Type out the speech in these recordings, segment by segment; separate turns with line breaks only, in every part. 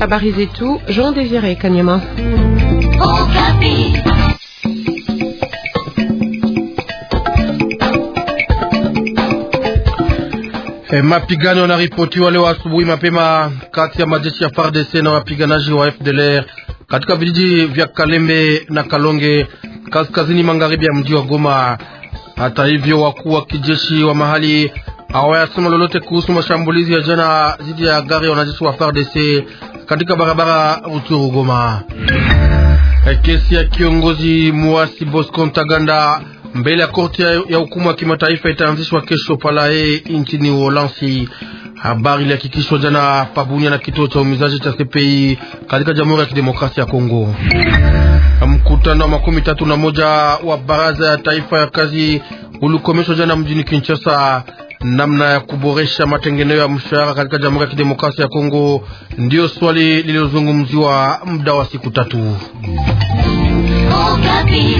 Habari zetu Jean Désiré Kanyama. Hey,
eh, mapigano yanaripotiwa leo asubuhi mapema kati ya majeshi ya FARDC na wapiganaji wa FDLR katika vijiji vya Kalembe na Kalonge kaskazini magharibi ya mji wa Goma. Hata hivyo, wakuu wa kijeshi wa mahali hawayasema lolote kuhusu mashambulizi ya jana dhidi ya gari ya wanajeshi wa FARDC katika barabara Ruchuru Goma. E, kesi ya kiongozi muasi Bosco Ntaganda mbele ya korti ya hukumu ya kimataifa itaanzishwa kesho Palae nchini Uholanzi. Habari ilihakikishwa jana Pabunia na kituo cha umizaji cha CPI katika Jamhuri ya Kidemokrasia ya Kongo. Mkutano wa makumi tatu na moja wa baraza ya taifa ya kazi ulikomeshwa jana mjini Kinshasa. Namna ya kuboresha matengenezo ya mshahara katika Jamhuri ya Kidemokrasia ya Kongo ndiyo swali lililozungumziwa muda wa siku tatu. Hey,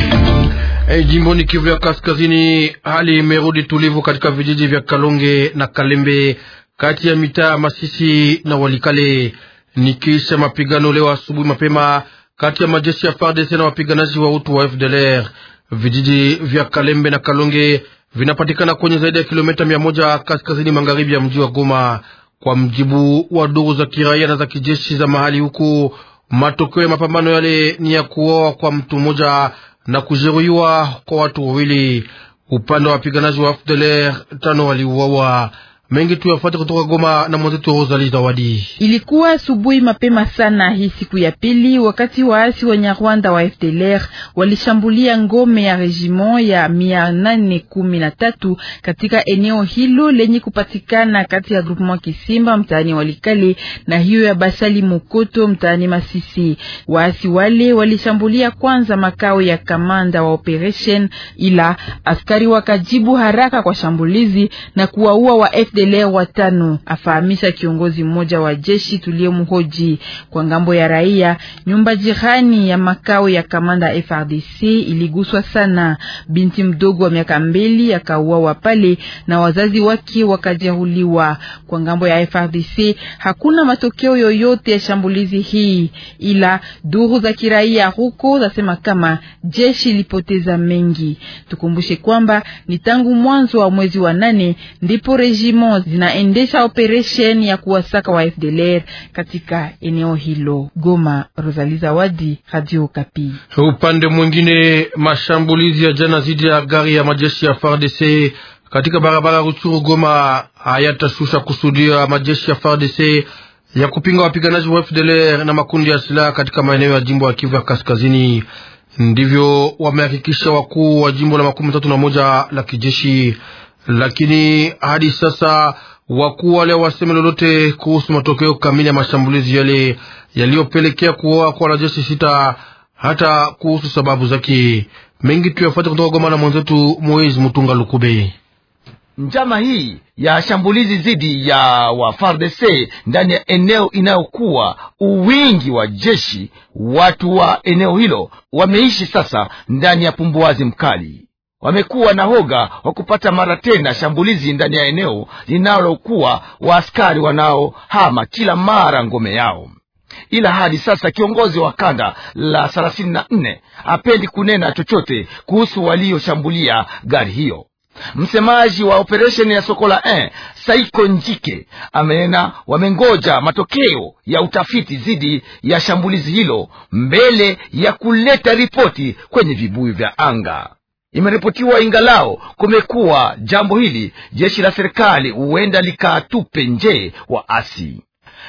eh, jimboni Kivu ya Kaskazini, hali imerudi tulivu katika vijiji vya Kalonge na Kalembe kati ya mitaa Masisi na Walikale nikiisha mapigano leo asubuhi mapema kati ya majeshi ya FARDC na wapiganaji wa utu wa FDLR. Vijiji vya Kalembe na Kalonge vinapatikana kwenye zaidi ya kilomita mia moja kaskazini magharibi ya mji wa Goma, kwa mjibu wa duru za kiraia na za kijeshi za mahali huku. Matokeo ya mapambano yale ni ya kuoa kwa mtu mmoja na kujeruhiwa kwa watu wawili. Upande wa wapiganaji wa FDLR tano waliuawa. Mengi tu yafuate kutoka Goma na mwenzetu Rosali Zawadi.
Ilikuwa asubuhi mapema sana hii siku ya pili, wakati waasi wa Nyarwanda wa FDLR walishambulia ngome ya rejimo ya mia nane kumi na tatu katika eneo hilo lenye kupatikana kati ya groupement Kisimba mtaani Walikale na hiyo ya Basali Mokoto mtaani Masisi. Waasi wale walishambulia kwanza makao ya kamanda wa operation, ila askari wakajibu haraka kwa shambulizi na kuwaua wa F leo watano, afahamisha kiongozi mmoja wa jeshi tuliyemhoji. Kwa ngambo ya raia, nyumba jirani ya makao ya kamanda FRDC iliguswa sana. Binti mdogo wa miaka mbili akauawa pale na wazazi wake wakajeruhiwa. Kwa ngambo ya FRDC hakuna matokeo yoyote ya shambulizi hii, ila duru za kiraia huko zasema kama jeshi lipoteza mengi. Tukumbushe kwamba ni tangu mwanzo wa mwezi wa nane ndipo rejimo MONUSCO zinaendesha operation ya kuwasaka wa FDLR katika eneo hilo. Goma, Rosalie Zawadi, Radio Okapi.
Upande mwingine, mashambulizi ya jana zidi ya gari ya majeshi ya FARDC katika barabara Ruchuru Goma hayatashusha kusudia majeshi ya FARDC ya kupinga wapiganaji wa FDLR na makundi ya silaha katika maeneo ya jimbo ya Kivu ya Kaskazini. Ndivyo wamehakikisha wakuu wa jimbo la makumi tatu na moja la kijeshi lakini hadi sasa wakuu wale waseme lolote kuhusu matokeo kamili ya mashambulizi yale yaliyopelekea kuoa kwa wanajeshi sita, hata kuhusu sababu zake. Mengi tuyafuate kutoka Goma na mwenzetu Moiz Mutunga Lukube. Njama hii
ya shambulizi dhidi ya wa FARDC ndani ya eneo inayokuwa uwingi wa jeshi, watu wa eneo hilo wameishi sasa ndani ya pumbuazi mkali wamekuwa na hoga wa kupata mara tena shambulizi ndani ya eneo linalokuwa waaskari wanaohama kila mara ngome yao ila hadi sasa kiongozi wa kanda la thelathini na nne hapendi kunena chochote kuhusu walioshambulia gari hiyo. Msemaji wa operesheni ya la 1 Saiko Njike amenena wamengoja matokeo ya utafiti dhidi ya shambulizi hilo mbele ya kuleta ripoti kwenye vibuyu vya anga imeripotiwa ingalao kumekuwa jambo hili, jeshi la serikali huenda likatupe nje waasi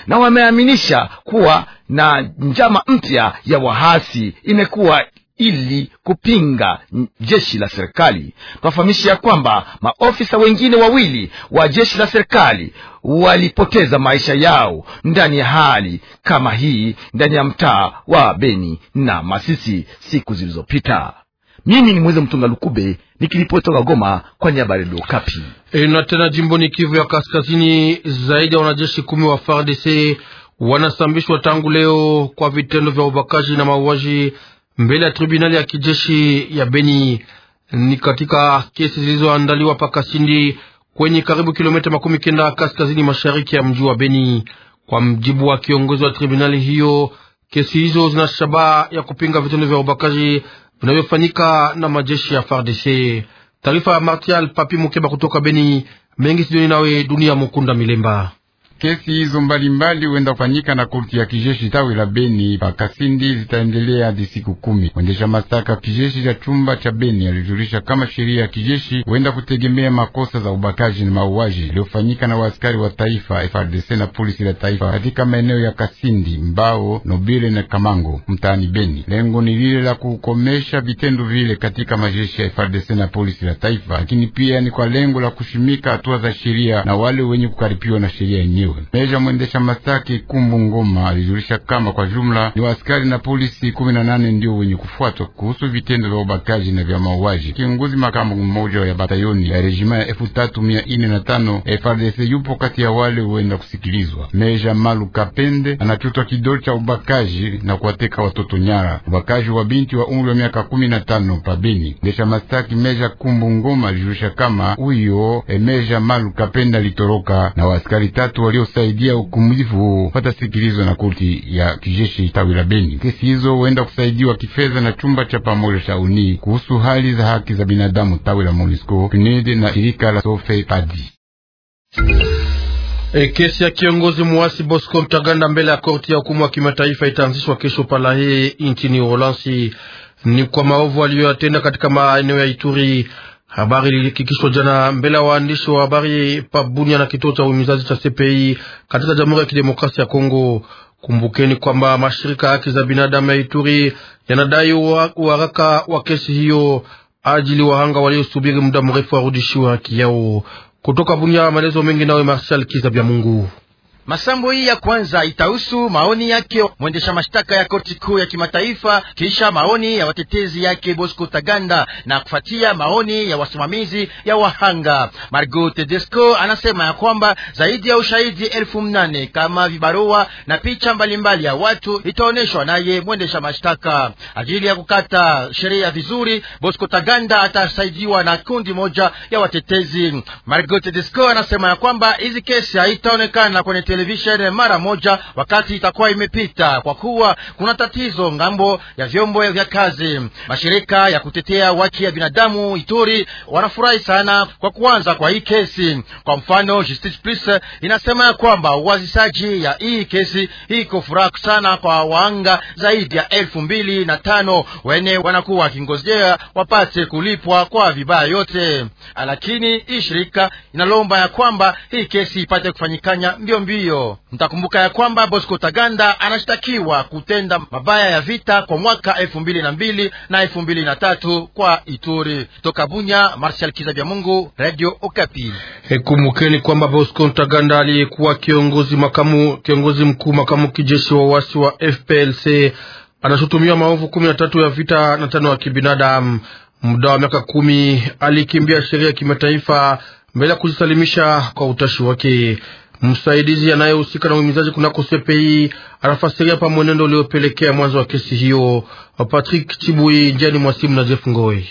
na wameaminisha kuwa na njama mpya ya wahasi imekuwa ili kupinga jeshi la serikali. twafahamisha ya kwamba maofisa wengine wawili wa jeshi la serikali walipoteza maisha yao ndani ya hali kama hii ndani ya mtaa wa Beni na Masisi siku zilizopita. Mimi ni mweze mtunga Lukube nikilipoti toka Goma kwa niaba ya Okapi.
E, na tena jimboni Kivu ya Kaskazini, zaidi ya wanajeshi kumi wa FARDC wanasambishwa tangu leo kwa vitendo vya ubakaji na mauaji mbele ya tribunali ya kijeshi ya Beni. Ni katika kesi zilizoandaliwa pakasindi Kasindi kwenye karibu kilomita makumi kenda kaskazini mashariki ya mji wa Beni. Kwa mjibu wa kiongozi wa tribunali hiyo, kesi hizo zina shabaha ya kupinga vitendo vya ubakaji vinavyofanyika na majeshi ya FARDC. Taarifa ya Martial Papi Mukeba kutoka Beni, mengi sidoni nawe dunia Mukunda Milemba.
Kesi hizo mbalimbali huenda kufanyika na korti ya kijeshi tawi la Beni pa kasindi zitaendelea hadi siku kumi. Mwendesha mashtaka kijeshi cha chumba cha Beni alijulisha kama sheria ya kijeshi huenda kutegemea makosa za ubakaji na mauaji yaliyofanyika na waaskari wa taifa FRDC na polisi la taifa katika maeneo ya Kasindi, Mbao, Nobile na Kamango mtaani Beni. Lengo ni lile la kukomesha vitendo vile katika majeshi ya FRDC na polisi la taifa, lakini pia ni kwa lengo la kushimika hatua za sheria na wale wenye kukaripiwa na sheria yenyewe kujeruhiwa. Meja mwendesha mashtaki Kumbu Ngoma alijulisha kama kwa jumla ni askari na polisi kumi na nane ndio wenye kufuatwa kuhusu vitendo vya ubakaji na vya mauaji. Kiongozi makamu mmoja ya batayoni ya rejima ya elfu tatu mia ine na tano FRDC yupo kati ya wale huenda kusikilizwa. Meja Malu Kapende anachutwa kidole cha ubakaji na kuwateka watoto nyara, ubakaji wa binti wa umri wa miaka kumi na tano pabeni. Mwendesha mashtaki Meja Kumbu Ngoma alijulisha kama huyo eh, Meja Malu Kapende alitoroka na waaskari tatu waliosaidia ukumbivu huo sikilizo na korti ya kijeshi tawi la Beni. Kesi hizo huenda kusaidiwa kifedha na chumba cha pamoja cha uni kuhusu hali za haki za binadamu tawi la MONUSCO, PNUD na shirika la Sofe Padi. E,
kesi ya kiongozi muasi Bosco Ntaganda mbele ya korti ya hukumu wa kimataifa itaanzishwa kesho Palahe nchini Uholanzi. Ni kwa maovu aliyoyatenda katika maeneo ya Ituri Habari lilihakikishwa jana mbele ya waandishi wa habari pa Bunia na kituo cha uhimizaji cha CPI katika Jamhuri ya Kidemokrasia ya Kongo. Kumbukeni kwamba mashirika ya haki za binadamu ya Ituri yanadai uharaka wa kesi hiyo ajili wahanga waliosubiri muda mrefu warudishiwe haki yao. Kutoka Bunia, maelezo mengi nawe Marshal Kiza Bya Mungu.
Masambo hii ya kwanza itahusu maoni yake mwendesha mashtaka ya korti kuu ya kimataifa, kisha maoni ya watetezi yake Bosco Taganda na kufuatia maoni ya wasimamizi ya wahanga. Margot Tedesco anasema ya kwamba zaidi ya ushahidi elfu mnane kama vibarua na picha mbalimbali ya watu itaonyeshwa naye mwendesha mashtaka ajili ya kukata sheria vizuri. Bosco Taganda atasaidiwa na kundi moja ya watetezi. Margot Tedesco anasema ya kwamba hizi kesi haitaonekana kwenye televisheni mara moja wakati itakuwa imepita, kwa kuwa kuna tatizo ngambo ya vyombo vya kazi. Mashirika ya kutetea haki ya binadamu Ituri wanafurahi sana kwa kuanza kwa hii kesi. Kwa mfano, Justice Plus inasema ya kwamba uwazisaji ya hii kesi iko furaha sana kwa waanga zaidi ya elfu mbili na tano wene wanakuwa wakingojea wapate kulipwa kwa vibaya yote, lakini hii shirika inalomba ya kwamba hii kesi ipate kufanyikanya mbio mbio hiyo. Mtakumbuka ya kwamba Bosco Taganda anashtakiwa kutenda mabaya ya vita kwa mwaka elfu mbili na mbili na elfu mbili na tatu kwa Ituri. Toka Bunya, Marshal Kizabya Mungu, Radio Okapi.
Ekumbukeni kwamba Bosco Taganda aliyekuwa kiongozi makamu, kiongozi mkuu makamu kijeshi wa wasi wa FPLC anashutumiwa maovu kumi na tatu ya vita na tano ya kibinadamu. Muda wa miaka kumi alikimbia sheria ya kimataifa mbele ya kujisalimisha kwa utashi wake. Msaidizi anayehusika na uhimizaji kunako CPI anafasiria pa mwenendo uliopelekea mwanzo wa kesi hiyo. Patrick Chibui, njiani Mwasimu na Jeff Ngoi.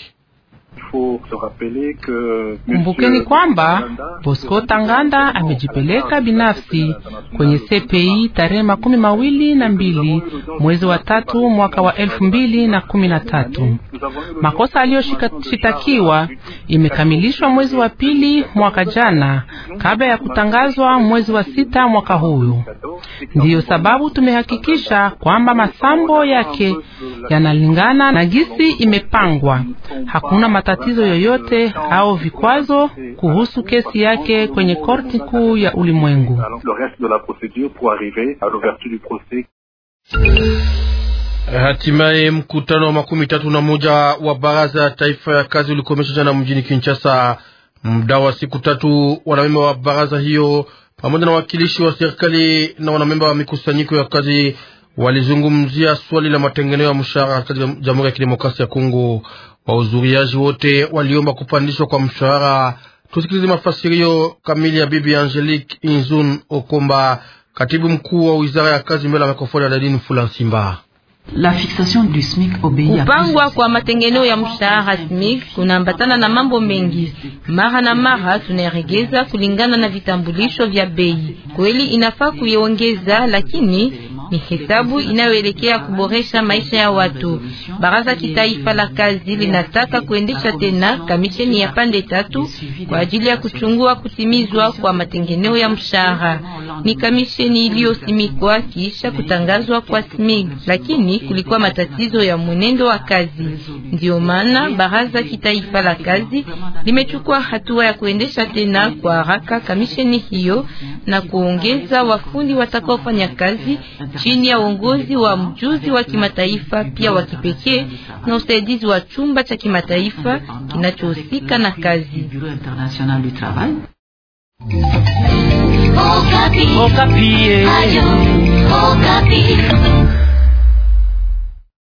Kumbukeni kwamba
Bosco Tanganda amejipeleka binafsi kwenye CPI tarehe makumi mawili na mbili mwezi wa tatu mwaka wa elfu mbili na kumi na tatu. Makosa aliyoshitakiwa imekamilishwa mwezi wa pili mwaka jana kabla ya kutangazwa mwezi wa sita mwaka huyu. Ndiyo sababu tumehakikisha kwamba masambo yake yanalingana na gisi imepangwa. Hakuna matatizo matatizo yoyote au vikwazo kuhusu kesi yake kwenye korti kuu ya ulimwengu.
Hatimaye mkutano wa makumi tatu na moja wa baraza ya taifa ya kazi ulikomeshwa jana mjini Kinshasa. Muda wa siku tatu, wanamemba wa baraza hiyo pamoja na wakilishi wa serikali na wanamemba wa mikusanyiko ya kazi walizungumzia swali la matengeneo ya mshahara katika Jamhuri ya Kidemokrasia ya Kongo. Wahudhuriaji wote waliomba kupandishwa kwa mshahara. Tusikilize mafasirio kamili ya Bibi Angelique Inzun Okomba, katibu mkuu wa wizara ya kazi, mbele ya mikrofoni ya Dadini Fula Simba.
La fixation du SMIC kupangwa kwa matengeneo ya mshahara SMIC kunaambatana na mambo mengi. Mara na mara tunaregeza kulingana na vitambulisho vya bei. Kweli inafaa kuiongeza, lakini ni hesabu inayoelekea kuboresha maisha ya watu. Baraza kitaifa la kazi linataka kuendesha tena kamisheni ya pande tatu kwa ajili ya kuchungua kutimizwa kwa matengeneo ya mshahara ni kamisheni iliyosimikwa kisha kutangazwa kwa SMIG, lakini kulikuwa matatizo ya mwenendo wa kazi. ndio maana baraza kitaifa la kazi limechukua hatua ya kuendesha tena kwa haraka kamisheni hiyo na kuongeza wafundi watakaofanya kazi chini ya uongozi wa mjuzi wa kimataifa, pia wa kipekee na usaidizi wa chumba cha kimataifa kinachohusika na kazi. Okapi. Oh, Okapi. Oh, eh.